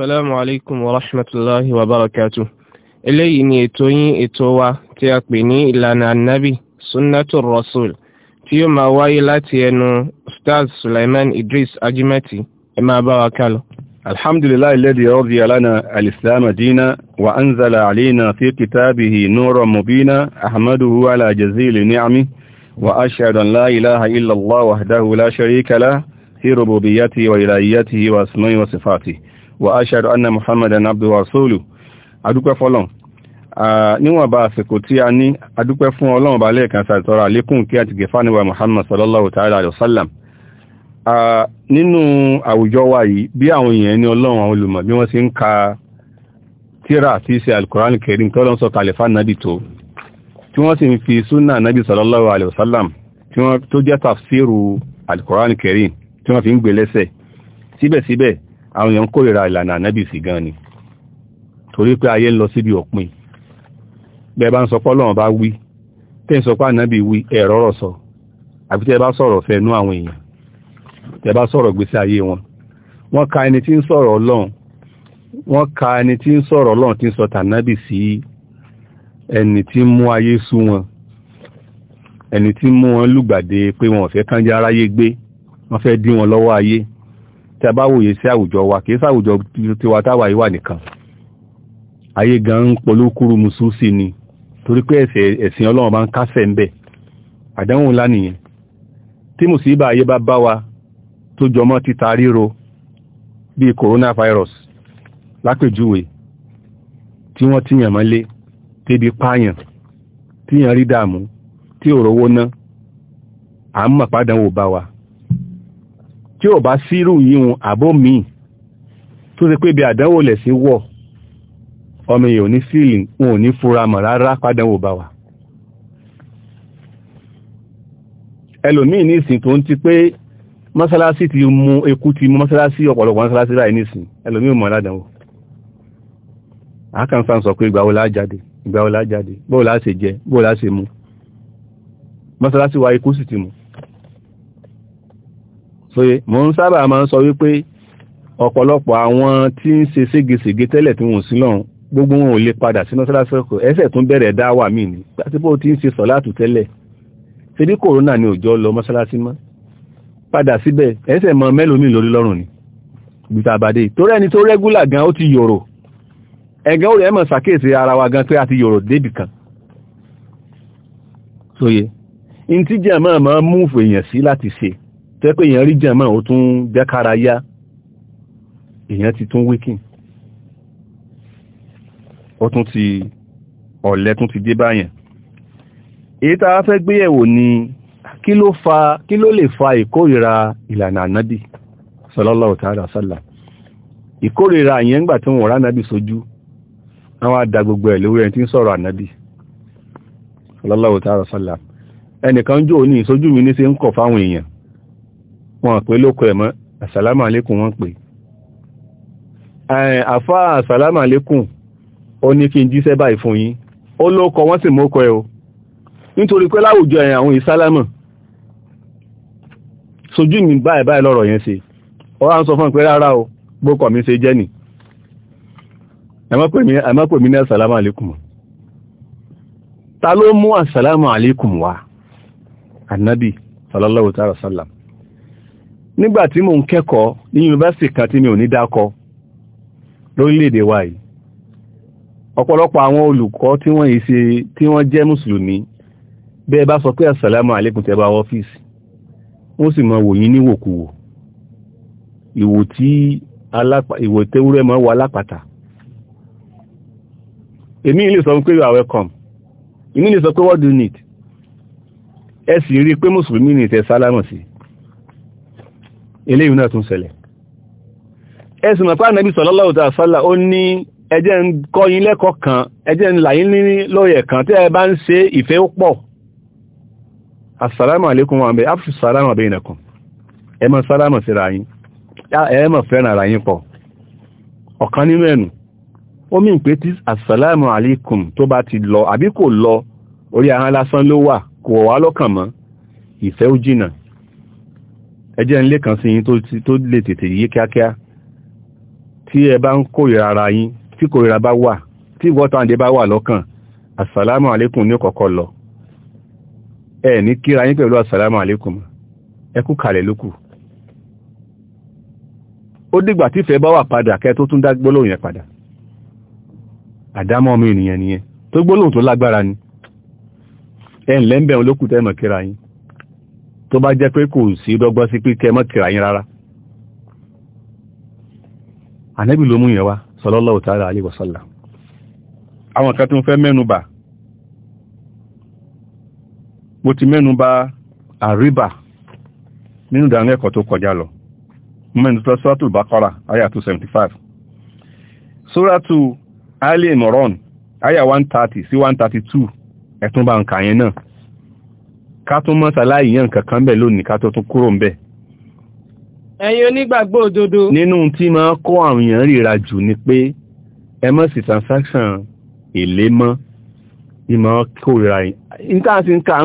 السلام عليكم ورحمة الله وبركاته إلي إني توي إتوى تيقبني إلا النبي سنة الرسول تيو ما واي لاتينو أستاذ سليمان إدريس أجمتي إما باركالو الحمد لله الذي رضي لنا الإسلام دينا وأنزل علينا في كتابه نورا مبينا أحمده على جزيل نعمه وأشهد أن لا إله إلا الله وحده لا شريك له في ربوبيته وإلهيته وأسمائه وصفاته wa aṣàdù anna muhammadan abduhu rasulu adúpẹ́ fọ́lọ̀n níwọ̀n bá àsìkò tí a ní adúpẹ́ fún ọlọ́run bá lẹ́ẹ̀kan sàtọ́rọ àlékún kí àti gẹ̀fánìwà muhammad sallallahu ta'ala alayhi wa sallam nínú àwùjọ wa yìí bí àwọn èèyàn ní ọlọ́run àwọn olùmọ̀ bí wọ́n ti ń ka tíra tí í ṣe alkùránì kẹrin tọ́lọ́n sọ kàlẹ̀fà nàbì tó tí wọ́n sì ń fi súnà nàbì sallallahu alayhi wa sallam tó jẹ́ tafsiru alkùránì kẹrin tí wọ́n fi ń gbé lẹ́sẹ̀ síbẹ̀síbẹ̀ àwọn èèyàn kórìíra ìlànà ànábì sí gan ni torí pé ayé ń lọ síbi òpin bẹ́ẹ̀ bá ń sọ pé Ọlọ́run bá wí tẹ́ ń sọ pé ànábì wí ẹ̀rọ rọ̀ sọ àbí tẹ́ bá sọ̀rọ̀ fẹnu àwọn èèyàn tẹ́ bá sọ̀rọ̀ gbèsè ayé wọn wọ́n ka ẹni tí ń sọ̀rọ̀ Ọlọ́run wọ́n ka ẹni tí ń sọ̀rọ̀ Ọlọ́run tí ń sọ tànábì sí ẹni tí ń mú ayé sú wọn ẹni tí ń mú wọn lùgbàdé pé wọn ò fẹ́ kánjá aráyé gbé wọ́n fẹ́ dí wọn lọ́wọ́ ayé tí a bá wòye sí àwùjọ wa kìí sáwùjọ tiwa táwa yìí wà nìkan ayé gan ń polúkúrú musu sí ni torí pé ẹ̀sìn ọlọ́run bá ń kásẹ̀ ń bẹ̀ àdánwò ńlá nìyẹn tí mùsíbà ayé bá bá wa tó jọmọ́ títa ríro bíi coronavirus lápèjúwe tí wọ́n tíyàn mọ́lé tébi pààyàn tíyàn rí dààmú tí òrówó ná à ń mọ̀ pádánwò bá wa tí ò bá sírù yíhun àbó míì tó ṣe pé bí àdánwò lẹ̀ sí wọ̀ ọmọ èèyàn ní sílì wọn ò ní fura mọ̀ rárá pádánwò bá wà ẹlòmíì ní ìsìn tó ń ti pé mọ́sálásí ti mú ekú ti mú mọ́sálásí ọ̀pọ̀lọpọ̀ mọ́sálásí ráì ní ìsìn ẹlòmíì mọ̀ ládánwò àkànfà sọ pé ìgbàwó lájáde ìgbàwó lájáde bóòlá ṣe jẹ bóòlá ṣe mú mọ́sálásí wa ikú sì ti mú so mo ń sábà máa ń sọ wípé ọ̀pọ̀lọpọ̀ àwọn tí ń ṣe ségesège tẹ́lẹ̀ tí wọ́n sí lọ́hùn gbogbo wọn ò lè padà sí mọ́sálásí ọkọ̀ ẹsẹ̀ tún bẹ̀rẹ̀ dá wà mí ni pàtíbò tí ń ṣe sọ látù tẹ́lẹ̀ ṣe bí kòrónà ni òjò lọ mọ́sálásí mọ́ padà síbẹ̀ ẹsẹ̀ mọ mẹ́lòmí lórí lọ́rùn ni gbìtà àbàdé torí ẹni tó rẹ́gúlà gan ó ti yòrò ẹ̀gán ó rẹ̀ mọ̀ sàkíyèsí ara wa gan pé a ti yòrò débì kan sóye in tí mọ́ mọ́ múfù èèyàn sí láti ṣe tẹ́ pé èèyàn rí jẹ̀mọ́ ò tún jẹ́kára yá èèyàn ti tún wíkìn ó tún ti ọ̀lẹ́ tún ti dé báyẹn èyí tá a fẹ́ gbéyẹ̀wò ni kí ló fa kí ló lè fa ìkórìíra ìlànà ànábì sallallahu ta'ala sallam ìkórìíra yẹn ńgbà tí tí ń wọn pè lóko ẹ̀mọ́ àsàlámà alékùn wọ́n pè àfá àsàlámà alékùn ó ní kí n jíṣẹ́ báyìí fún yín ó lóko wọ́n sì mọ́kọ ẹ̀ o nítorí pé láwùjọ ẹ̀yìn àwọn ìsálámà sojú mi báyìí báyìí lọ́rọ̀ yẹn ṣe ó wá ń sọ fún pé rárá o gbókọ̀ mi ṣe jẹ́ nì ẹ̀mọ́ pè mí ní àsàlámà nígbà tí mò ń kẹ́kọ̀ọ́ ní yunifásitì kan tí mi ò ní dákọ lórílẹ̀-èdè wa yìí ọ̀pọ̀lọpọ̀ àwọn olùkọ́ tí wọ́n yìí ṣe tí wọ́n jẹ́ mùsùlùmí bẹ́ẹ̀ bá sọ pé àsàlámù àlékùn tẹ́ bá ọ́fíìsì wọ́n sì mọ wò yín níwòkuwò ìwò tí ìwò tẹ́wúrẹ́ mọ́ wà lápàtà èmi ilé sọ pé you are welcome èmi ilé sọ pé what do you need ẹ sì rí pé mùsùlùmí ní ìtẹ̀ sálámù sí i eléyìí náà tún ṣẹlẹ̀ ẹ̀sùn mọ̀pá ànábì sallallahu ta'ala sọ́lá ó ní ẹjẹ́ ń kọ́ yín lẹ́kọ̀ọ́ kan ẹjẹ́ ń làyín ní lóye kan tí ẹ bá ń ṣe ìfẹ́ ó pọ̀ assalamu alaikum wa bẹ afṣù salama bainakum ẹ mọ̀ salama sí ra yín ẹ mọ̀ fẹ́ràn ìfẹ́ ó jìnà ẹjẹ́ ń lé kan sí yín tó lè tètè yé kíákíá tí ẹ bá ń kórìíra ara yín tí kórìíra bá wà tí ìwọ́tàǹdé bá wà lọ́kàn àsàlámù àlékùn ní kọ̀kọ́ lọ ẹ ní kíra yín pẹ̀lú àsàlámù àlékùn ẹ kú kalẹ̀ lókù ó dìgbà tí ìfẹ́ bá wà padà kẹ́ tó tún dá gbólóhùn yẹn padà àdámọ́ ọmọ ènìyàn nìyẹn tó gbólóhùn tó lágbára ni ẹ̀ ń lẹ́ńbẹ̀rún lókù tẹ́ mọ̀ kíra yín tó bá jẹ́ pé kò sí dọ́gbọ́n sí pé kẹ́ mọ́ kìrà yín rárá ànábì ló mú yẹn wá sallallahu ta'ala alaihi wasallam àwọn kan tí mo fẹ́ mẹ́nubà mo ti mẹ́nubà àríbà nínú ìdánilẹ́kọ̀ọ́ tó kọjá lọ mẹ́nu tó suratul Baqara àyà 275 sóràtù Ali Imran àyà 130 sí 132 ẹ̀tún bá ń kà yẹn náà ká tún mọ́ sàláì yàn kankan bẹ̀ lónìí ká tó tún kúrò ń bẹ̀. ẹ̀yin onígbàgbọ́ òdodo. nínú tí máa kó àwọn èèyàn ríra jù ni pé ẹ mọ̀ sí transaction èlé mọ́ ìmọ̀ kórira yìí. nǹkan àti nǹkan à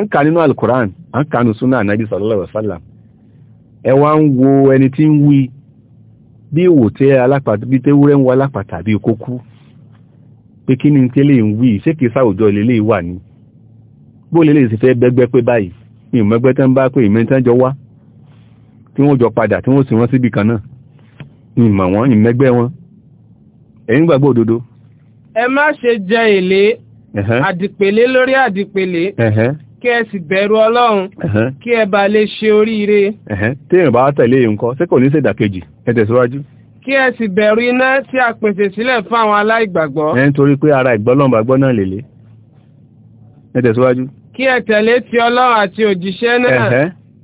ń kà nínú alukoran à ń kà nínú sunna anabi sallallahu alaihi wa sallam ẹ wá ń wo ẹni tí ń wí bí ìwò alápàtà bí tẹ́wúrẹ́ ń wọ alápàtà bí kókú pé kí ni tẹ́lẹ̀ ń wí ṣé kìí sáwùjọ ilé wà ní bóòlù lè sì fẹ́ bẹ́gbẹ́ pé báyìí ní ìmọ̀gbẹ́ tán bá pé ìmẹ́ntán jọ wá tí wọ́n jọ padà tí wọ́n sì wọ́n síbì kan náà ìmọ̀ wọn ìmẹ́gbẹ́ wọn ẹ̀yin gbàgbọ́ òdodo. ẹ má ṣe jẹ èlé àdìpèlé lórí àdìpèlé kí ẹ sì bẹ̀rù ọlọ́run kí ẹ bá lè ṣe oríire. téèyàn bá tẹ̀lé yìí ńkọ́ ṣé ní ṣèdàkejì ẹ tẹ̀síwájú. kí ẹ sì bẹ̀rù iná tí a pèsè sílẹ̀ fún àwọn aláìgbàgbọ́. ẹ ń torí pé ara ìgbọ́lọ́mọ̀gbọ́ náà lèlé ẹ tẹ̀síwájú. kí ẹ tẹ̀lé ti ọlọ́run àti òjíṣẹ́ náà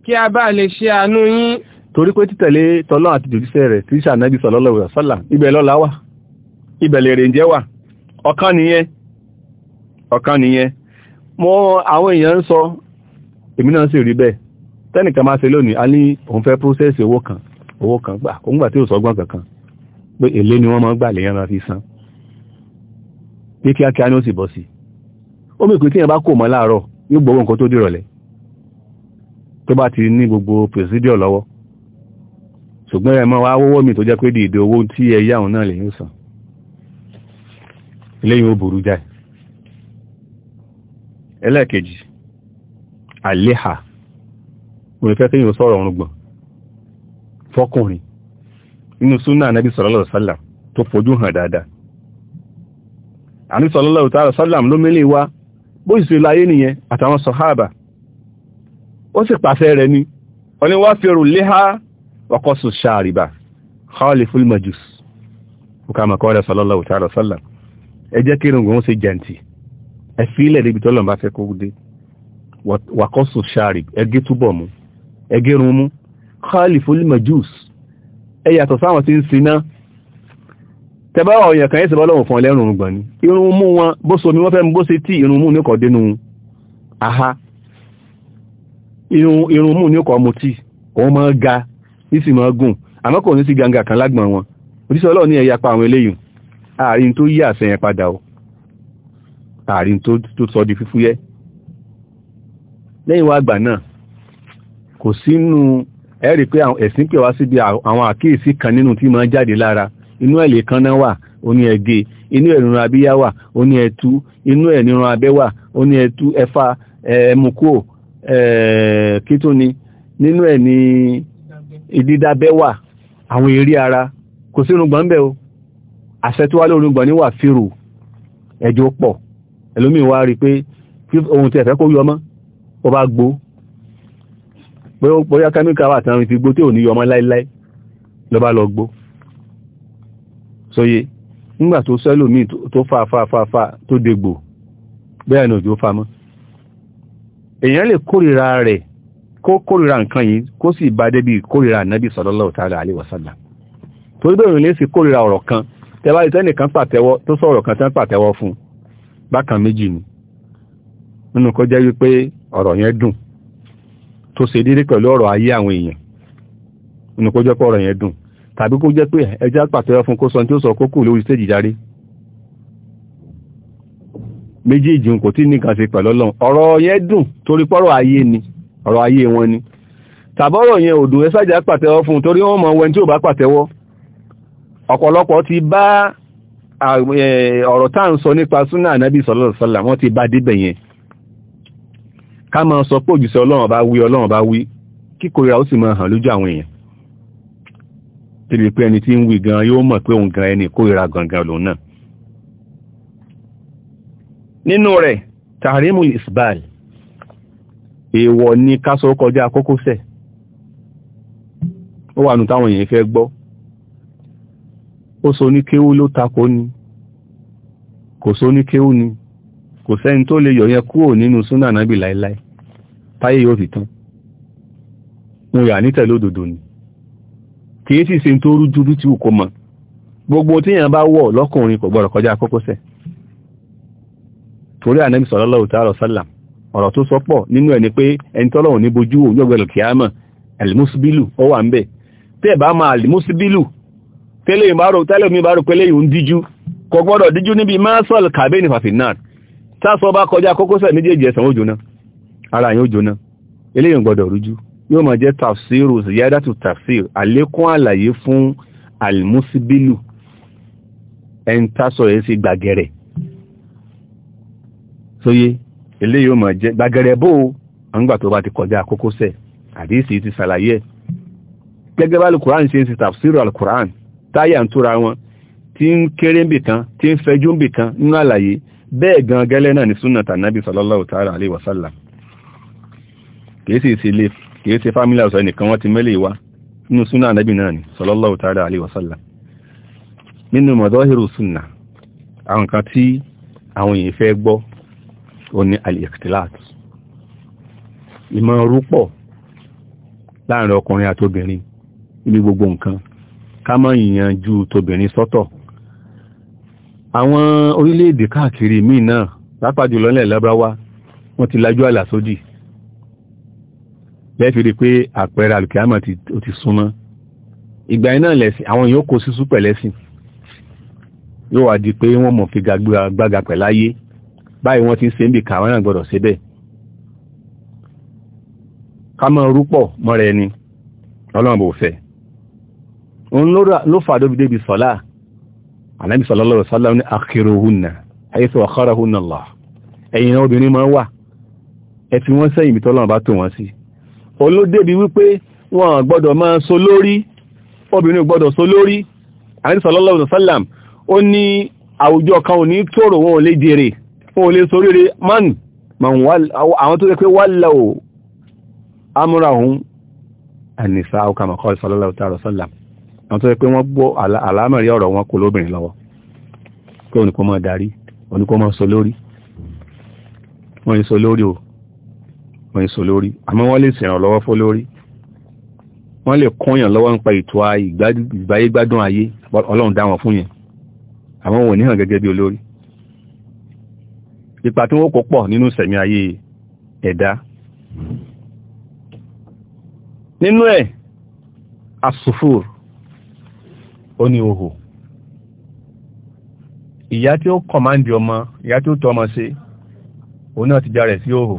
kí a bá lè ṣe àánú yín torí pé títẹ̀lé tọlọ́run àti òjíṣẹ́ rẹ̀ tí sànàbí sallallahu alaihi wasallam ibẹ̀ lọ́lá wà ibẹ̀ lè wà ọ̀kan nìyẹn ọ̀kan nìyẹn àwọn èèyàn ń sọ èmi náà sì rí bẹ́ẹ̀ tẹ́nìkan máa a ní òun fẹ́ prósẹ́sì owó kan owó kan gbà òun gbà tí ò pé èlé ni wọ́n máa gbà yóò gbogbo nǹkan tó dìrọ̀lẹ́ tó bá ti ní gbogbo presidio lọ́wọ́ ṣùgbọ́n ẹ̀mọ́ wá wọ́wọ́ mi tó jẹ́ pé dìde owó tí ẹ yáhùn náà lè yóò sàn lẹ́yìn ó burú jáì ẹlẹ́ẹ̀kejì àléhà onífẹ́ tí yóò sọ̀rọ̀ fọ́kùnrin inú súnà tó fojú hàn dáadáa ló bó ìsìn láyé nìyẹn àtàwọn sọ̀háàbà ó sì pàṣẹ rẹ̀ ni wọ́n ni wá fi orùn léhá ọkọ̀sù ṣàrìbà khaliful majus bukama kọ́lẹ̀ sallallahu ta'ala sallam ẹ jẹ́ kí irungun ṣe jẹ́ǹtì ẹ fi ilẹ̀ débi tọ́lọ̀ bá fẹ́ kó dé wakọ́sù ṣàrìb ẹgé túbọ̀ mú ẹgé run mú sáwọn tí ń siná tẹ́bá ọ̀yàn kan ẹ́sẹ̀ bọ́lọ́wọ̀ fún ẹlẹ́rùn gbọ̀n ni irun mú wọn bó so mi wọ́n fẹ́ mú bó ṣe tí irun mú ní ọkọ̀ dénú aha irun mú ní ọkọ̀ mu tí òun máa ga ní sì máa gùn àmọ́ kò ní sí gàǹgà kan lágbọ̀n wọn òjíṣẹ́ ọlọ́run ní ẹ̀yà pa àwọn eléyìí ààrin tó yí àṣẹyàn padà o ààrin tó sọ di fífúyẹ́ lẹ́yìn wá àgbà náà kò sínú ẹ̀rí pé ẹ̀sìn pè wá síbi àwọn àkíyèsí kan nínú tí máa jáde lára inú ẹ̀ lèkánná wà ó ní ẹ̀gé inú ẹ̀ nírun abíyá wà ó ní ẹ̀tú inú ẹ̀ nírun abẹ́ wà ó ní ẹ̀tú ẹ̀fà ẹ̀mùkú kí ni nínú ẹ̀ ní ìdídábẹ́ wà àwọn eré ara kò sí irùngbọ̀n bẹ́ẹ̀ o àṣẹ tó wá lórí irùngbọ̀n ní wà fírù ẹ̀jọ́ pọ̀ ẹlòmíì wá rí pé ohun tí ẹ̀fẹ́ kó yọ mọ́ ó bá gbó bóyá kámíkà wà tán fi gbó tí ò ní yọmọ láíláí ló bá lọ gbó soye nígbà tó sẹ́lòmí tó fà tó dégbò bẹ́ẹ̀ òjò famọ́ lè kórìíra rẹ̀ kó kórìíra nǹkan yìí kó sì bá débi kórìíra ànábì sallallahu ta'ala alaihi tó torí lè sì kórìíra ọ̀rọ̀ kan tẹ́wá ìtẹ́nìkan tó kan tẹ́ pàtẹ́wọ́ fún bákan méjì ni nínú kọ́ jẹ́ wípé ọ̀rọ̀ yẹn dùn tó déédé pẹ̀lú ọ̀rọ̀ ayé àwọn èèyàn nínú kọ́ jẹ́ pé ọ̀rọ̀ yẹn tàbí kó jẹ́ pé ẹjá pàtẹ́wọ́ fún kó sọ tí ó sọ kókò lórí stéjì járe méjèèjì kò tí ní kan ṣe ọ̀rọ̀ yẹn dùn torí pọ́rọ̀ ayé ni ọ̀rọ̀ ayé wọn ni tàbọ́rọ̀ yẹn ò dùn ẹsájà pàtẹ́wọ́ fún torí wọ́n mọ̀ wẹn tí ò bá pàtẹ́wọ́ ọ̀pọ̀lọpọ̀ ti bá ọ̀rọ̀ tá ń sọ nípa súnà ànábì sọlọ́sọlà wọ́n ti bá débẹ̀ yẹn ká máa sọ pé òjìṣẹ́ ọlọ́run bá wí ọlọ́run bá wí kíkórira ó sì máa hàn lójú àwọn èèyàn débi pé ẹni tí ń wí gan yóò mọ̀ pé òun gan ẹni kórìíra gangan lòun náà nínú rẹ̀ tàrímù isbal èèwọ̀ ni kásọ kọjá kókósẹ̀ ó wà nù táwọn èèyàn fẹ́ gbọ́ ó so ní kéwú ló takò ni kò so ní kéwú ni kò sẹ́ni tó lè yọ̀yẹn kúrò nínú súnà nábì láíláí táyé yóò fi tán mo yà nítẹ̀lódòdò ni kìí sì ṣe ń tó rújúrú tí kò mọ̀ gbogbo tíyàn bá wọ̀ lọ́kùnrin kò gbọ́dọ̀ kọjá kókósẹ̀ torí ànábì sallallahu ta'ala sallam ọ̀rọ̀ tó ni pé ẹni tọ́lọ́run ní bojú òun yóò gbẹ̀lọ̀ kíámà alimusibilu ó wà ń bẹ̀ tẹ́ ẹ̀ bá máa alimusibilu tẹ́lẹ̀ ìbárò tẹ́lẹ̀ mi bárò pẹ́lẹ̀ yìí ń díjú kò gbọ́dọ̀ díjú níbi masol kàbẹ́ni fàfinat tá a sọ bá kọjá kókósẹ̀ méjèèjì ẹ̀sán ó ara yẹn ó jóná eléyìí ń gbọ́dọ̀ yóò máa jẹ́ tafsiru ziyadatu tafsir àlékún àlàyé fún almusibilu ẹni tásọ̀ yẹ́ sí gbàgẹ̀rẹ̀ sóyé ilé yóò máa jẹ́ gbàgẹ̀rẹ̀ bó ọ̀ngbà tó bá ti kọjá àkókò sẹ̀ àdísì ti sàlàyé gẹ́gẹ́ bá alukuran ṣe sí tafsiru alukuran táyà ń túra wọn tí ń kéré ń bì kan tí ń fẹjú ń bì kan nínú àlàyé bẹ́ẹ̀ gan gẹ́lẹ́ náà ní súnà tànàbí sallallahu ta'ala alaihi wasallam kìí sì sí ilé kìí ṣe family house ẹnìkan wọ́n ti mẹ́lẹ̀ ìwá nínú súnà anábì náà ni sallallahu ta'ala alaihi wasallam nínú mọ̀dọ́hìrù súnà àwọn kan tí àwọn èèyàn fẹ́ gbọ́ ó ní al-ikhtilat ìmọ̀ rúpọ̀ láàrin ọkùnrin àtobìnrin ibi gbogbo nǹkan ká mọ́ ìyànjú tobìnrin wọ́n ti lajú àlà lẹ́fìrí pé àpẹẹrẹ alùkìyàmọ̀ ti súnmọ́ ìgbà iná lẹ̀sìn àwọn èèyàn kò sí súpẹ̀ lẹ́sìn yóò wá di pé wọ́n mọ̀ fi gbàgbà pẹ̀láyé báyìí wọ́n ti ń ṣe ń bì kàwọn náà gbọ́dọ̀ ṣe bẹ́ẹ̀ ká mọ́ rúpọ̀ mọ́ra ẹni ọlọ́run bò fẹ́ sallallahu alaihi wasallam ní akhiruhunna haythu akhirahunna Allah ẹ̀yìn obìnrin máa wà ẹ fi wọ́n sẹ́yìn bí tọ́lọ́run bá tò wọ́n sí òun ló débi wípé wọn gbọ́dọ̀ máa so lórí obìnrin gbọ́dọ̀ so lórí àrísọ̀lọ́lọ́ ọ̀sọ́làm ó ní àwùjọ kan ò ní tòrò wọn ò lè jèrè wọn ò lè so rere man àwọn tó rẹ pé wà lọ amúra òun ànìsá ọkàmọ̀kọ́ ìsọ̀lọ́lọ́ ọ̀sọ́làm àwọn tó rẹ pé wọ́n gbọ́ àlámọ̀rí ọ̀rọ̀ wọn kò lóbìnrin lọ́wọ́ pé òun kò máa darí òun kò máa so lórí wọ́n ń o wọ́n èso lórí àmọ́ wọ́n lè ṣèrànlọ́wọ́ fó lórí wọ́n lè kọ́yàn lọ́wọ́ nípa ètò ìgbáyé gbádùn ayé ọlọ́run dá wọn fún yẹn àwọn òun níhàn gẹ́gẹ́ bí olórí ipa tí wọ́n kó pọ̀ nínú sẹ̀mí ayé ẹ̀dá nínú ẹ̀ asùfúr ó ní ohò ìyá tí ó kọ̀máǹdì ọmọ ìyá tí ó tọ́ ọmọ sí òun náà ti já rẹ̀ sí ohò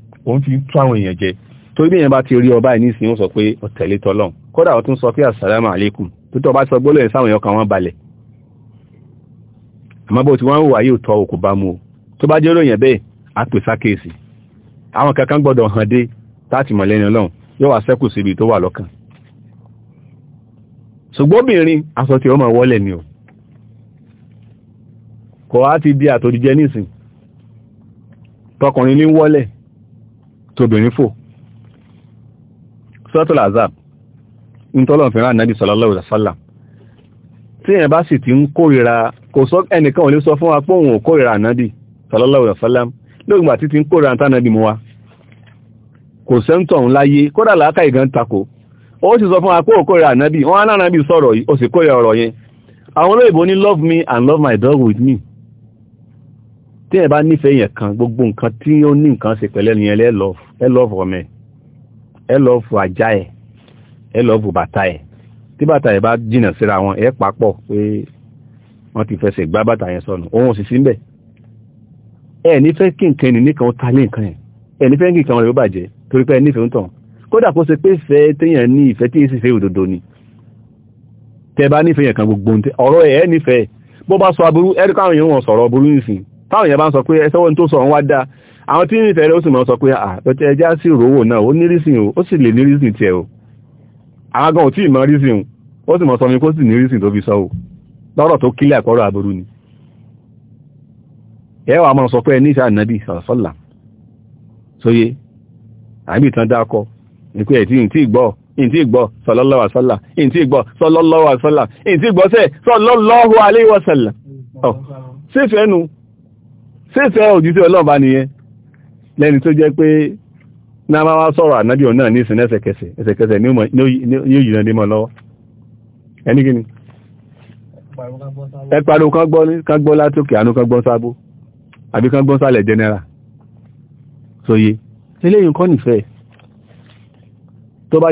òun fi tú àwọn èèyàn jẹ torí bí èèyàn bá ti rí ọba ẹ̀ nísìnyí ó sọ pé ọ̀tẹ̀lé tọlọ́n kódà ó tún sọ pé àsàlámù àlékùm tó tọ́ bá sọ sáwọn èèyàn kan wọ́n balẹ̀ àmọ́ bó ti wọ́n wà yóò tọ́ òkú bá mu o tó bá jẹ́ ròyìn bẹ́ẹ̀ á pè sákèsì àwọn kankan gbọ́dọ̀ hàn dé ọlọ́run yóò wá sẹ́kù síbi tó wà lọ́kàn ṣùgbọ́n obìnrin tóbìnrin fò sọ́tọ̀ lazab ní tọ́lọ̀ fẹ́ràn náà sallallahu alaihi wasallam tí ẹ̀ bá sì ti ń kórìíra kò sọ ẹnìkan ò lè sọ fún wa pé òun ò kórìíra ànábì sallallahu alaihi wasallam lóògbà títí ń kórìíra àtànábì mú wa kò sẹ́ńtọ̀ ń láyé kódà làákà ìgan takò ó sì sọ fún wa pé ò kórìíra ànábì wọ́n á náà náà bí sọ̀rọ̀ yìí ó sì kórìíra ọ̀rọ̀ yẹn àwọn olóyìnbó ní love me and love my dog with me tí ẹ bá nífẹ̀ẹ́ yẹn kan gbogbo nǹkan tí ó ní nǹkan ṣe pẹ̀lẹ́ ni ẹ lọ́ọ̀fù ọmọ ẹ ẹ lọ́ọ̀fù ajá ẹ ẹ lọ́ọ̀fù bàtà ẹ tí bàtà ẹ bá jìnà síra wọn ẹ papọ̀ pé wọ́n ti fẹsẹ̀ gbá bàtà yẹn sọnù ohun sì sí ń bẹ̀ ẹ nífẹ̀ẹ́ kí nǹkan ẹni nìkan ó talé nǹkan yẹn ẹ nífẹ̀ẹ́ kí nǹkan rẹ̀ ó bàjẹ́ torí pé ẹ nífẹ̀ẹ́ ń tàn kódà kó ṣe pé ìfẹ́ téèyàn ní ìfẹ́ tí èsì fẹ́ òdodo ni tẹ bá nífẹ̀ẹ́ yẹn kan gbogbo ọ̀rọ̀ ẹ̀ nífẹ̀ẹ́ bó bá sọ aburú ẹ̀rí káwọn èèyàn wọn sọ̀rọ̀ aburú nìsín táwọn èèyàn bá ń sọ pé ẹsẹ́wọ́n tó sọ wọn wá dáa àwọn tí ń rìn fẹ́rẹ́ ó sì mọ́ sọ pé àtọ́tẹ́ ẹjá sí ìrówó náà ó ní rísìn o ó sì lè ní rísìn tiẹ̀ o àwọn gan ò tí ì mọ rísìn ó sì mọ́ sọ mi kó sì ní rísìn tó fi sọ o lọ́rọ̀ tó kílẹ̀ àkọ́rọ̀ àbúrú ni ẹ wà máa sọ pé ní ìṣà nàbì sọ̀sọ́là sóyé àbí ìtàn dákọ ní pé ẹ̀tí ìtì ìgbọ́ ìtì ìgbọ́ sọlọ́lọ́wà sọ́là ìtì ìgbọ́ sọlọ́lọ́wà sọ́là ìtì ìgbọ́ sẹ́ sọlọ́lọ́wà alẹ́ ìwọ̀sẹ̀lẹ̀ ọ̀ sí fẹ́nu sífẹ́ òjíṣẹ́ ọlọ́ọ̀bá nìyẹn lẹ́ni tó jẹ́ pé náà máa wá sọ̀rọ̀ ànábì ọ̀nà ní ìsìn ẹsẹ̀kẹsẹ̀ ẹsẹ̀kẹsẹ̀ ní òyìn náà dímọ̀ lọ́wọ́ ẹni gini ẹparò kan gbọ́ látòkè àánú kan gbọ́n sábó àbí kan gbọ́n sálẹ̀ jẹ́nẹ́rà sóye eléyìn kọ́ nìfẹ́ tó bá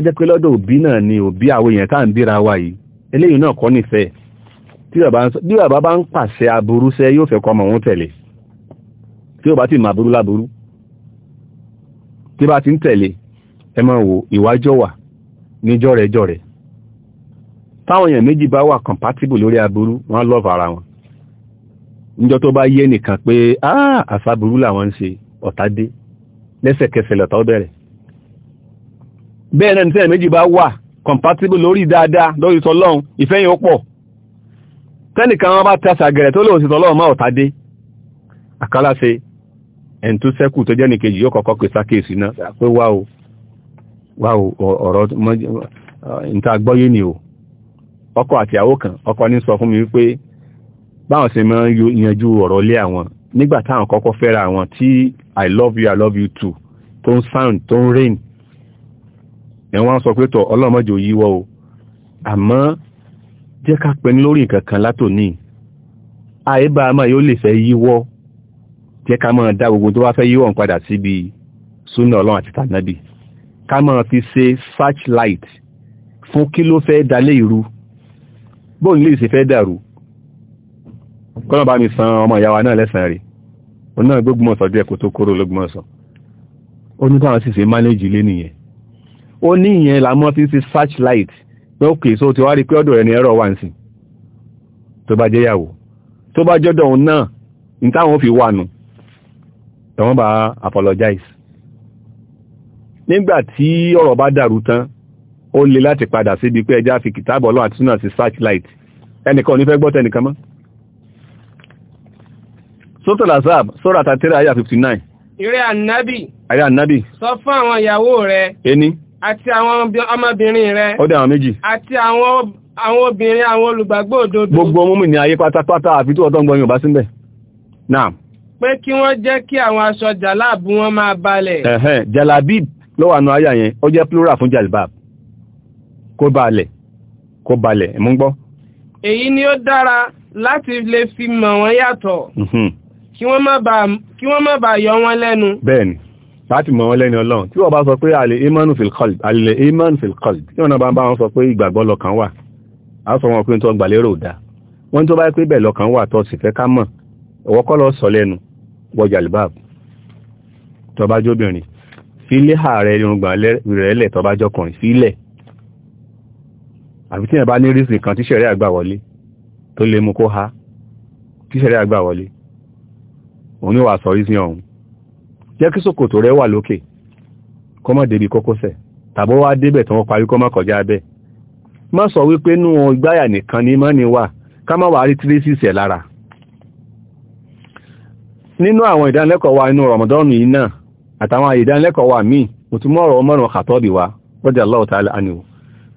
ni òbí àwọn èèyàn táà ń bíra wa yìí eléyìn náà kọ́ nìfẹ́ bí bàbá bá ń pàṣẹ aburú tí ó bá ti mà burú láburú tí bá ti ń tẹ̀lé ẹ máa wò ìwájọ́ wà ní jọ́rẹ̀jọ́rẹ̀ táwọn èèyàn méjì bá wà compatible lórí aburú wọ́n love ara wọn níjọ́ tó bá yé nìkan pé ah àsàburú làwọn ń ṣe ọ̀tá dé lẹ́sẹ̀kẹsẹ̀ lọ̀tá ó bẹ̀rẹ̀ bẹ́ẹ̀ náà nìtẹ́ẹ̀ méjì bá wà compatible lórí dáadáa lórí tọlọ́run ìfẹ́yìn ó pọ̀ tẹ́nìkan wọn bá tẹ́sà gẹ̀rẹ̀ tó lóòsì tọlọ́run máa ọ̀tá dé àkálà ṣe ẹn tó sẹ́kù tó jẹ́ nìkejì yóò kọ́kọ́ pè sákèsí náà pé wá o ọ̀rọ̀ gbọ́yé o ọkọ àti àwó kan ọkọ ní sọ fún mi wípé báwọn ṣe máa ń yanjú ọ̀rọ̀ lé àwọn nígbà táwọn kọ́kọ́ fẹ́ra àwọn tí i love you i love you too tó ń sound tó ń rain sọ pé tọ̀ ọlọ́mọdé o àmọ́ jẹ́ ká pẹ́ ní lórí nǹkan kan látòní yóò lè fẹ́ jẹ́ ká máa dá gbogbo tó wá fẹ́ yíwọ̀n padà síbi súnà ọlọ́run àti tànábì ká máa fi ṣe searchlight fún kí ló fẹ́ dalé ìrú bóun lè ṣe fẹ́ dàrú kọ́nà bá mi san ọmọ ìyá wa náà lẹ́sàn-án rẹ̀ òun náà gbógbùmọ̀ sọ díẹ̀ kó tó kóró lógbùmọ̀ sọ ó ní káwọn sì ṣe manage ilé nìyẹn ó ní ìyẹn la mọ́ fi ṣe searchlight pé ó kèé só ti wá rí pé ọ̀dọ̀ rẹ̀ ní ẹ̀rọ wà ń sìn tó bá jẹ́yàwó tó bá jọ́dọ̀ òun náà ní táwọn ò fi wà nù tọ́wọ́n bá apologize nígbà tí ọ̀rọ̀ bá dàrú tán ó le láti padà síbi pé ẹjá fi kìtàbù ọlọ́run àti súnà sí searchlight ẹnìkan ò ní fẹ́ gbọ́ tẹnìkan mọ́ sótòlà sáàb sórà tàtẹ́rẹ́ àyà 59 ìrẹ́ ànábì àyà ànábì sọ fún àwọn ìyàwó rẹ̀ ení àti àwọn ọmọbìnrin rẹ̀ ó dé àwọn méjì àti àwọn àwọn obìnrin àwọn olùgbàgbọ́ òdodo gbogbo mùmínì ayé pátápátá àfi tó ń gbọ́ yóò bá síbẹ̀ náà pé kí wọ́n jẹ́ kí àwọn aṣọ jàláàbù wọn máa balẹ̀. ẹ̀hẹ́n jàlábíb ló wà nù àyà yẹn ó jẹ́ plural fún jàlbáb kó balẹ̀ kó balẹ̀ mú gbọ́. èyí ni ó dára láti lè fi mọ̀ wọ́n yàtọ̀ mhm. kí wọ́n má bàa yọ wọ́n lẹ́nu. bẹ́ẹ̀ni láti mọ̀ wọ́n lẹ́ni ọlọ́run tí wọ́n bá sọ pé àlè imanu fil qalb àlè imanu fil qalb tí wọ́n náà bá ń bá wọn sọ pé ìgbàgbọ́ lọ́kàn wà á sọ wọn pé tó wọ jalbab tó bá jóbìnrin fílẹ̀ ààrẹ irungbọ̀n rẹ̀lẹ̀ tó bá jọkùnrin fílẹ̀ àfi tí ẹ̀ bá ní rísì kan tíṣẹ̀rẹ́ àgbà wọlé tó lè mú kó ha tíṣẹ̀rẹ́ àgbà wọlé òun ni wà sọ rísì ọ̀hún jẹ́ kí ṣòkòtò rẹ̀ wà lókè kó má débi kókósẹ̀ tàbó wá débẹ̀ tó wọ́n parí kó má kọjá bẹ́ẹ̀ má sọ wípé nú ìgbáyà nìkan ni mọ́ ni wà ká má wà rí tírísì sẹ̀ lára nínú àwọn ìdánilẹ́kọ̀ọ́ wa inú Ramadan yìí náà àtàwọn ìdánilẹ́kọ̀ọ́ wa míì mo tún mọ́ ọ̀rọ̀ Umaru Khatobi wa radiyallahu ta'ala anhu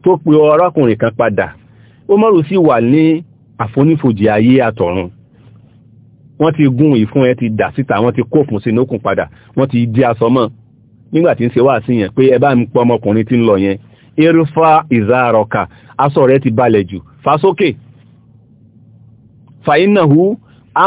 tó pe arákùnrin kan padà Umaru sì wà ní àfonífojì ayé àtọ̀run wọ́n ti gún ìfún ẹ ti dà síta wọ́n ti kófùn sínú okùn padà wọ́n ti di aṣọ mọ́ nígbà tí ń ṣe wá sí yẹn pé ẹ bá ń pọ ọmọkùnrin tí ń lọ yẹn erúfà ìzáàrọ̀kà aṣọ rẹ̀ ti balẹ̀ jù fà sókè fàínàhú à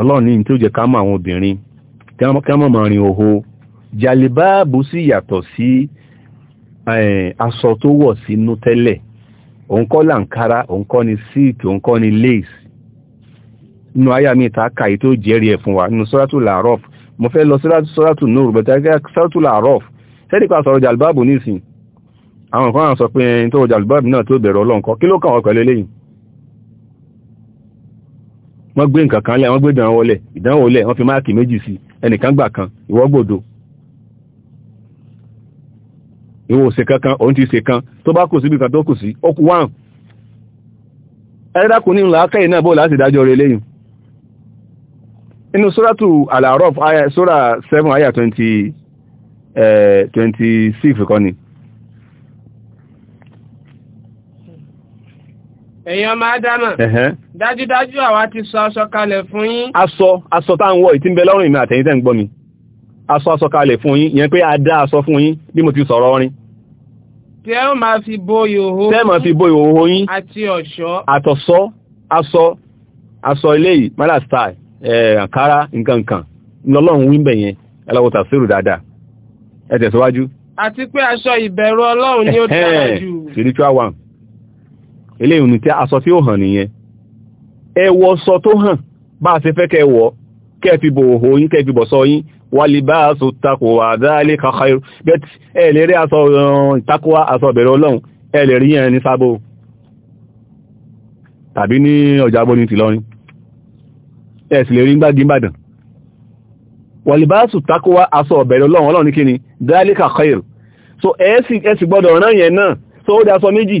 ọlọ́run ní tí ó jẹ ká mọ̀ àwọn obìnrin kí wọ́n mọ̀ rin òho jàlìbáàbù sì yàtọ̀ sí aṣọ tó wọ̀ sínú tẹ́lẹ̀ òun làǹkárá òun ni síìkì òun ni lace nínú ayé mi ta ka èyí tó jẹ́rìí ẹ̀ fún wa nínú sọ́ràtù làárọ̀f mo fẹ́ lọ sọ́ràtù nóòrù bẹ̀tẹ̀ sọ́ràtù làárọ̀f sẹ́ni pa sọ̀rọ̀ jàlìbáàbù nísìn àwọn kan sọ pé ẹni tó jàlìbáàbù náà tó bẹ̀rẹ̀ ọlọ́nkọ kí ló kàn wọ́n pẹ̀lú eléyìí wọ́n gbé nǹkan kan lẹ̀ wọ́n gbé ìdánwò wọ́n fi máàkì méjì sí ẹnìkan gbà kan ìwọ gbòdo ìwọ kankan òun ti ṣe kan tó bá kù síbi kan tó kù sí ó kù wáhùn ẹ̀rẹ́dàkùnrin ńlá kẹ́yìn náà bóò láti dájọ́ lẹ́yìn inú 7 26 kọ́ni èèyàn máa dámà dájúdájú àwa ti sọ aṣọ kalẹ̀ fún yín aṣọ aṣọ tá ń wọ ìtí ń bẹ lọ́rùn ìmì àtẹ̀yìn tẹ́ ń gbọ́ mi aṣọ aṣọ kalẹ̀ fún yín yẹn pé a dá aṣọ fún yín bí mo ti sọ̀rọ̀ orin tí ẹ máa fi bo ìhòhò tẹ́ máa fi bo ìhòhò yín àti ọ̀ṣọ́ aṣọ aṣọ eléyìí mala style eh àǹkárá nǹkan kan lọ́lọ́run wí bẹ̀ yẹn ẹlọ́wọ́ tàṣírù dáadáa ẹ tẹ̀síwájú àti pé aṣọ ìbẹ̀rù Ọlọ́run ni one eléyìí ni tí aṣọ tí ó hàn nìyẹn ẹ wọ sọ tó hàn bá a ṣe fẹ́ kẹ́ wọ kẹ́ fi bò òhò yín kẹ́ fi bọ̀ sọ yín wà lè bá aṣọ takowa dáálé kàkàrù bẹ́t ẹ lè rí aṣọ um, takowa aṣọ bẹ̀rẹ̀ ọlọ́run ẹ lè rí yẹn ní sábò tàbí ní ọjà agbóni tìlọrin ẹ sì lè rí gbági ìbàdàn wà lè bá aṣọ takowa aṣọ bẹ̀rẹ̀ ọlọ́run ọlọ́run ní dáálé kàkàrù so ẹ sì gbọ́dọ̀ rán yẹn náà so ó dá aṣọ méjì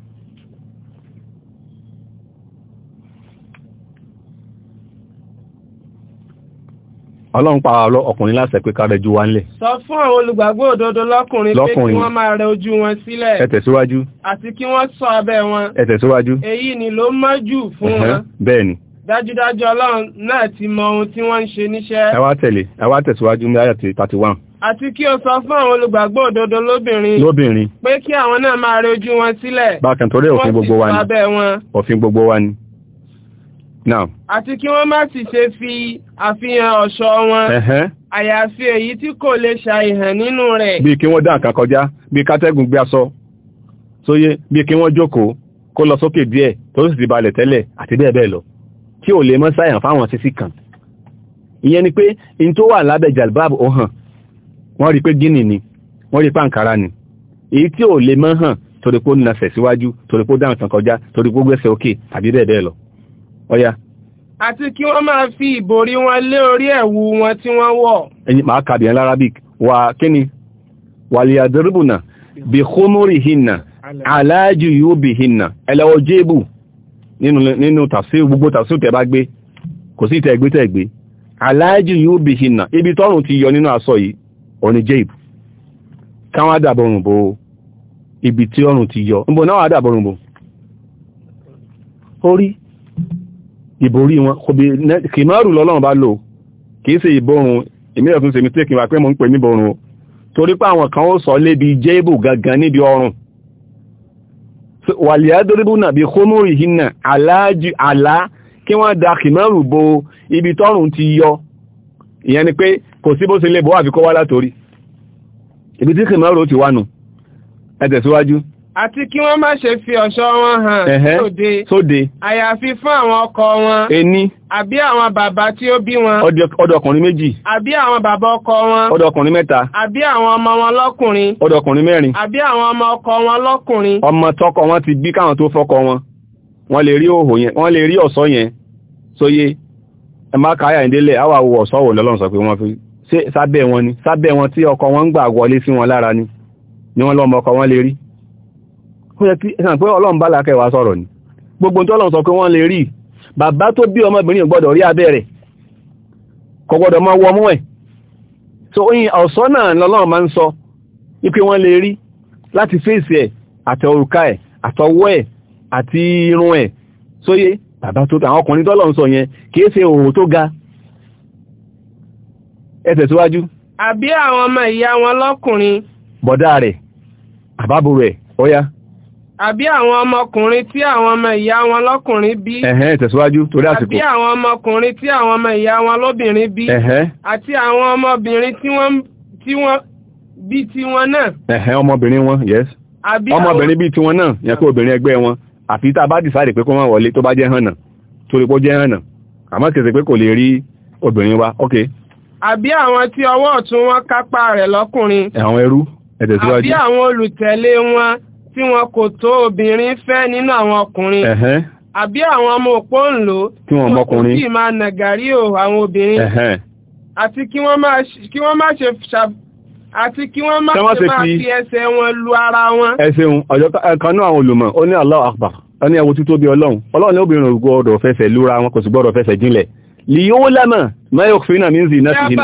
Ọlọ́run pa ọkùnrin láṣẹ pé ká rẹjú wa nílẹ̀. Sọ fún àwọn olùgbàgbọ́ òdodo lọ́kùnrin pé kí wọ́n máa rẹ ojú wọn sílẹ̀. Ẹ Àti kí wọ́n ṣọ́ abẹ́ wọn. Ẹ Èyí ni ló mọ́ jù fún wọn. Bẹ́ẹ̀ni. Dájúdájú Ọlọ́run náà ti mọ ohun tí wọ́n ń ṣe níṣẹ́. Ẹ wá tẹ̀lé, ẹ wá tẹ̀síwájú ní àyà 31 àti kí o sọ fún àwọn olùgbàgbọ́ òdodo lóbìnrin lóbìnrin pé kí àwọn náà máa rẹ ojú wọn sílẹ̀ bákan torí òfin gbogbo wa ni òfin gbogbo wa ni àti kí wọ́n má sì ṣe fi àfihàn ọ̀ṣọ́ wọn àyàfi èyí tí kò lè ṣàìhàn nínú rẹ̀. bí kí wọ́n dá nǹkan kọjá bí kátẹ́gùn gbé aṣọ sóyé bí kí wọ́n jókòó kó lọ sókè díẹ̀ tó sì ti balẹ̀ tẹ́lẹ̀ àti bẹ́ẹ̀ bẹ́ẹ̀ lọ tí ò lè mọ́ ṣàìhàn fáwọn sísí kan ìyẹn ni pé in tó wà lábẹ́ jalbab ó hàn wọ́n rí pé gíní ni wọ́n rí pàǹkárá ni èyí tí ò lè mọ́ hàn torípó nasẹ̀ síwájú torípó dáhùn tàn kọjá torípó gbẹ́sẹ̀ òkè tàbí bẹ́ẹ̀ lọ ọya. àti kí wọ́n máa fi ìborí wọn lé orí ẹ̀wù wọn tí wọ́n wọ̀. ẹni màá kàbí ẹ̀ lárabik wà kíni wàlíyàdúrúbùnà bí kúmúrì hinna aláàjù yóò bí hinna nínú gbogbo bá gbé kò sí yóò ibi ti nínú yìí ìborí wọn kìmáàrù lọ́lọ́run bá lò kìí ṣe ìborun ìmíràn tún ṣe mistake wà pé mo ń pè níborun o torí pé àwọn kan ó sọ lébi jébù gangan níbi ọrùn wàlíà dóríbù náà bí kómúrì hinna aláàjì àlá kí wọ́n da kìmáàrù bo ibi tọ́rùn ti yọ ìyẹn ni pé kò sí bó ṣe lè bọ́ àfikọ́ ibi tí kìmáàrù ó ti wánu ẹ àti kí wọ́n má ṣe fi ọ̀ṣọ́ wọn hàn sóde sóde àyàfi fún àwọn ọkọ wọn ẹni àbí àwọn bàbá tí ó bí wọn ọ̀dọ̀ ọkùnrin méjì àbí àwọn bàbá ọkọ wọn ọ̀dọ̀ ọkùnrin mẹ́ta àbí àwọn ọmọ wọn lọ́kùnrin ọ̀dọ̀ ọkùnrin mẹ́rin àbí àwọn ọmọ ọkọ wọn lọ́kùnrin ọmọ tọkọ wọn ti bí káwọn tó fọkọ wọn wọ́n lè rí òhò yẹn wọ́n lè rí ọ̀ṣọ́ yẹn sóye ẹ má káyà ìdílé àwọn àwọ ọ̀ṣọ́ wò lọ́lọ́run sọ pé wọ́n fi sábẹ́ wọn ni sábẹ́ wọn tí ọkọ wọn ń gbà wọlé sí wọn lára ni ni wọ́n lọ́mọ ọkọ wọn lè rí fún yẹ kí ẹ̀sàn pé ọlọ́run bá lákẹwàá sọ̀rọ̀ ni gbogbo tọ́lọ̀ sọ pé wọ́n lè rí bàbá tó bí ọmọbìnrin gbọ́dọ̀ rí abẹ́ rẹ̀ kò gbọ́dọ̀ mọ́ ẹ̀ so oyin ọ̀sọ́ náà ń sọ wọ́n lè rí láti fèsì ẹ̀ àti òrùka ẹ̀ àtọwọ́ ẹ̀ àti irun ẹ̀ sóyé àbí àwọn ọmọkùnrin tí àwọn ọmọ ìyá wọn lọ́kùnrin bí. ẹ̀hẹ́ tẹ̀síwájú torí àsìkò. àbí àwọn ọmọkùnrin tí àwọn ọmọ ìyá wọn lóbìnrin bí. ẹ̀hẹ́ àti àwọn ọmọbìnrin tí wọ́n bí tiwọn náà. ẹ̀hẹ́ ọmọbìnrin wọn yes. àbí àwọn ọmọbìnrin bí tiwọn náà yẹn kó obìnrin ẹgbẹ́ wọn àfi tá a bá dìsáàdì pé kó má wọlé tó bá jẹ́ hànà torí pé ó jẹ́ hànà àmọ́ kèsè pé kò lè rí obìnrin wa ok. àbí àwọn tí ọwọ́ ọ̀tún wọn kápá rẹ̀ lọ́kùnrin. àwọn ẹrú ẹ̀tẹ̀síwájú. àbí àwọn olùtẹ̀lé wọn tí wọn kò tó obìnrin fẹ́ nínú àwọn ọkùnrin àbí àwọn ọmọ òpó ń lò tí wọn ọmọkùnrin tí máa nàgàrí o àwọn obìnrin àti kí wọ́n má ṣe àti kí wọ́n má ṣe máa fi ẹsẹ̀ wọn lu ara wọn. ẹsẹ̀hun ọjọ́ kanú àwọn olùmọ̀ ó ní Allahu Akbar ó ní ẹwọ́ títóbi ọlọ́run ọlọ́run ní obìnrin gbọ́dọ̀ fẹsẹ̀ lura wọn kò sì gbọ́dọ̀ fẹsẹ̀ jinlẹ̀ lìyó lámà mẹ́yọ̀ fínà ní ìzìnà sí ìhìnà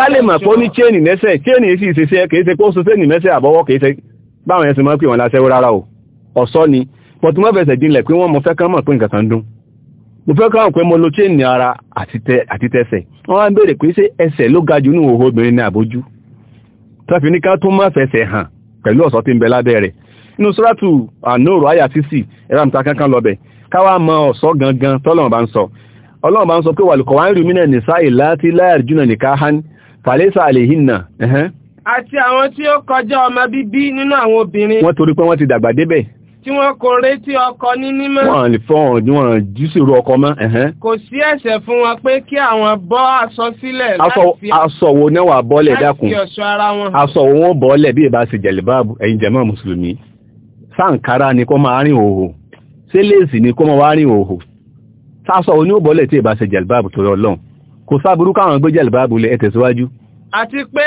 kálẹ̀ mọ̀ pọ́ ní chéènì mẹ́sẹ̀ chéènì sì ṣe kìí ṣe kó so chéènì mẹ́sẹ̀ àbọ́wọ́ kìí ṣe báwọn ẹ̀sìn máa ń pè wọ́n láṣẹ́wó rárá o ọ̀sọ́ ni pọ̀tù mọ́ fẹsẹ̀ dínlẹ̀ pé wọ́n mọ̀ fẹ́ kán mọ̀ pé nǹkan kan dún mo fẹ́ kán pé mo lo chain ara àti tẹsẹ̀ wọ́n wá ń béèrè pé ṣé ẹsẹ̀ ló ga jù ní òhò obìnrin ní àbójú tàbí ní ká tó má fẹsẹ̀ hàn pẹ̀lú ọ̀sọ́ tí ń bẹ lábẹ́ rẹ̀ inú sọ́ràtù ànóòrò àyà sísì ẹ̀rọ kankan lọ́bẹ̀ káwá mọ ọ̀sọ́ gangan tọ́lọ́run bá ń sọ ọlọ́run bá ń sọ pé wàlùkọ̀ wá ń rí láti láàrín jùnà fàlẹ́sà àti àwọn tí ó kọjá ọmọ bíbí nínú àwọn obìnrin. wọ́n torí pé wọ́n ti dàgbà débẹ̀ tí wọ́n kò retí ọkọ ní mímọ́. wọ́n lè fọ́ ọ̀n níwọ̀n jùsìrò ọkọ mọ́. kò sí ẹ̀ṣẹ̀ fún wọn pé kí àwọn bọ́ aṣọ sílẹ̀ láti aṣọ náà wà bọ́lẹ̀ dákun aṣọ wọn bọ́lẹ̀ bí ìbá ṣe jẹ̀lẹ̀ báàbù ẹ̀yin jẹ̀mọ́ mùsùlùmí sáǹkárá ni kó máa rìn òhò sélèsì ni kó máa rìn òhò sáṣọ wo ni ó bọ́lẹ̀ tí ìbá ṣe jẹ̀lẹ̀ báàbù torí ọlọ́run kò sáburú káwọn gbé jẹ̀lẹ̀ báàbù lẹ̀ àti pé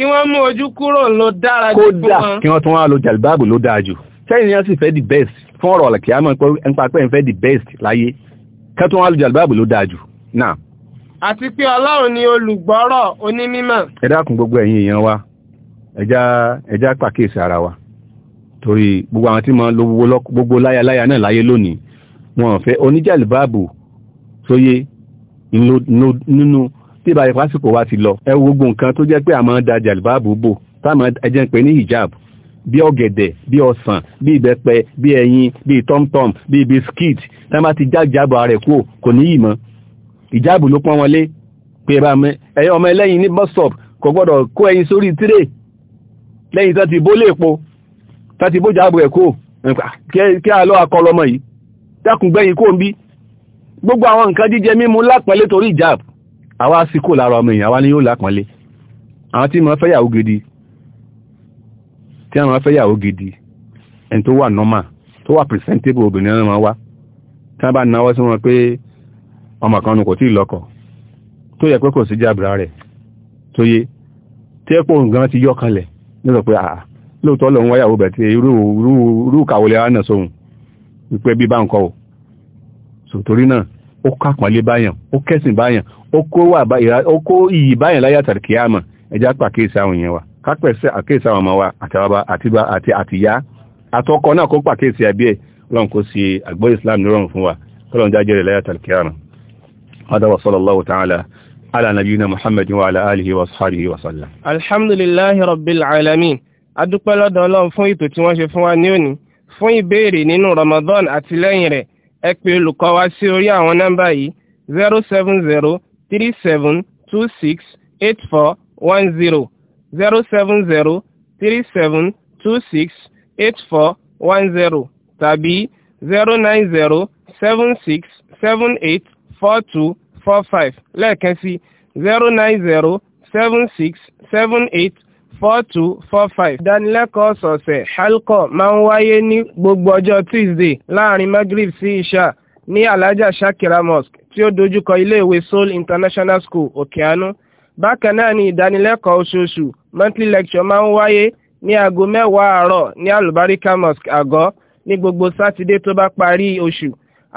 kí wọ́n mú ojú kúrò ló dára jù fún wọn. kódà kí wọ́n tún wá lo jàlbáàbù ló dáa jù sẹ́yìn sì fẹ́ di best fún ọ̀rọ̀ ọ̀lẹ̀kì àmọ́ nípa pé ń fẹ́ di best láyé kí wọ́n tún wá lo jàlbáàbù ló dáa jù náà. àti pé ọlọ́run ni olùgbọ́rọ̀ onímímọ̀. ẹ dákun gbogbo ẹ̀yin èèyàn wa ẹja ẹja pàkíyèsí ara wa torí gbogbo àwọn tí wọ́n lo gbogbo láyaláya náà láyé lónìí wọn fẹ́ oníjàlbáàbù sóyé nínú tí ìbáyé pásìkò wa ti lọ ẹ wo gbogbo nǹkan tó jẹ́ pé àmọ́ da jàlùbáàbù bò táwọn ẹjẹ́ ń pè ní hijab bí ọ̀gẹ̀dẹ̀ bí ọsàn bí ìbẹ́pẹ bí ẹyin bí tọ́mtọ́m bí biskit táwọn bá ti já ìjábọ̀ ara rẹ̀ kú kò ní ìmọ̀ ìjáàbù ló pọ́n wọlé pé bá mi ẹ̀yọ́ ọmọ ẹlẹ́yin ní bọ́sọ̀p kò gbọ́dọ̀ kó ẹyin sórí tírè lẹ́yìn tó ti bó léèpo tó ti bó jáàbù ẹ̀ kó kí a akọlọmọ yìí dákùngbẹ́yìn kó ń bí gbogbo àwọn nǹkan jíjẹ mímu lápẹ́lẹ́ torí ìjáàbù àwa sí kò lára ọmọ èèyàn àwa ni yóò lápọ̀nlé àwọn tí wọ́n fẹ́yàwó gidi tí wọ́n fẹ́yàwó gidi ẹni tó wà normal tó wà presentable obìnrin náà wá tí wọ́n bá náwó sí wọn pé ọmọ kan nù kò tí ì lọ́kọ tó yẹ pé kò sí jàbìrà rẹ̀ tó yé tí ẹ̀pọ̀ nǹkan ti yọ kanlẹ̀ nígbà pé àà lóòótọ́ lòun wáyàwó bẹ̀ tí irú kàwọlẹ̀ á nà sóhun wípé bí bá ń kọ́ ò sòtórí náà ó kápọ̀lé báyàn ó kẹ́sìn báyàn ó kó iyì báyàn láyé àtàríkì àmà ẹjá pàkíyèsí àwọn èèyàn wa kápẹ̀sẹ̀ àkíyèsí àwọn ọmọ wa àtàwàbà àtibá àti àtìyá àtọkọ náà kó pàkíyèsí ẹbí ẹ lọ́n kó sí àgbọ́ Islam nírọ̀rùn fún wa kọ́lọ́n jájẹ́ rẹ̀ láyé àtàríkì àmà adáwà sallallahu ta'ala ala nabiyina Muhammadin wa ala alihi wa sahbihi wa sallam. alhamdulillahi rabbil alamin adúpẹ́ lọ́dọ̀ Ọlọ́run fún ètò tí wọ́n ṣe fún wa ní òní fún ìbéèrè nínú Ramadan àti lẹ́yìn rẹ̀ ẹ pè olùkọ́ wa sí orí àwọn nọ́mbà yìí zero seven zero three seven two six eight four one zero zero seven zero three seven two six eight four one zero tàbí zero nine zero seven six seven eight four two four five lẹ́ẹ̀kan sí zero nine zero seven six seven eight four two four five. ìdánilẹ́kọ̀ọ́ ọ̀sọ̀ọ̀sẹ̀ halkọ́ máa ń wáyé ní gbogbo ọjọ́ tuesday láàrin magrib sí isha ní alhaja shakira mosque tí ó dojúkọ iléèwé seoul international school òkèánú. bákan náà ni ìdánilẹ́kọ̀ọ́ oṣooṣù monthly lecture máa ń wáyé ní aago mẹ́wàá àárọ̀ ní alubarika mosque àgọ́ ní gbogbo sátidé tó bá parí oṣù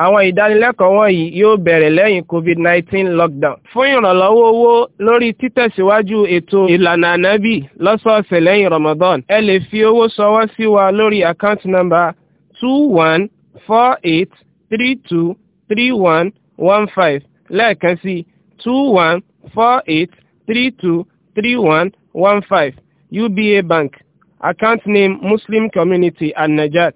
àwọn ìdánilẹ́kọ̀ọ́ wọ̀nyí yóò bẹ̀rẹ̀ lẹ́yìn covid-19 lockdown. fún ìrànlọ́wọ́ owó lórí títẹ̀síwájú ètò ìlànà ànábì lọ́sọ̀ọ̀sẹ̀ lẹ́yìn ramadan ẹ lè fi owó ṣọwọ́ sí wa lórí account number two one four eight three two three one one five lẹ́ẹ̀kan sí two one four eight three two three one one five uba bank account name muslim community and najat.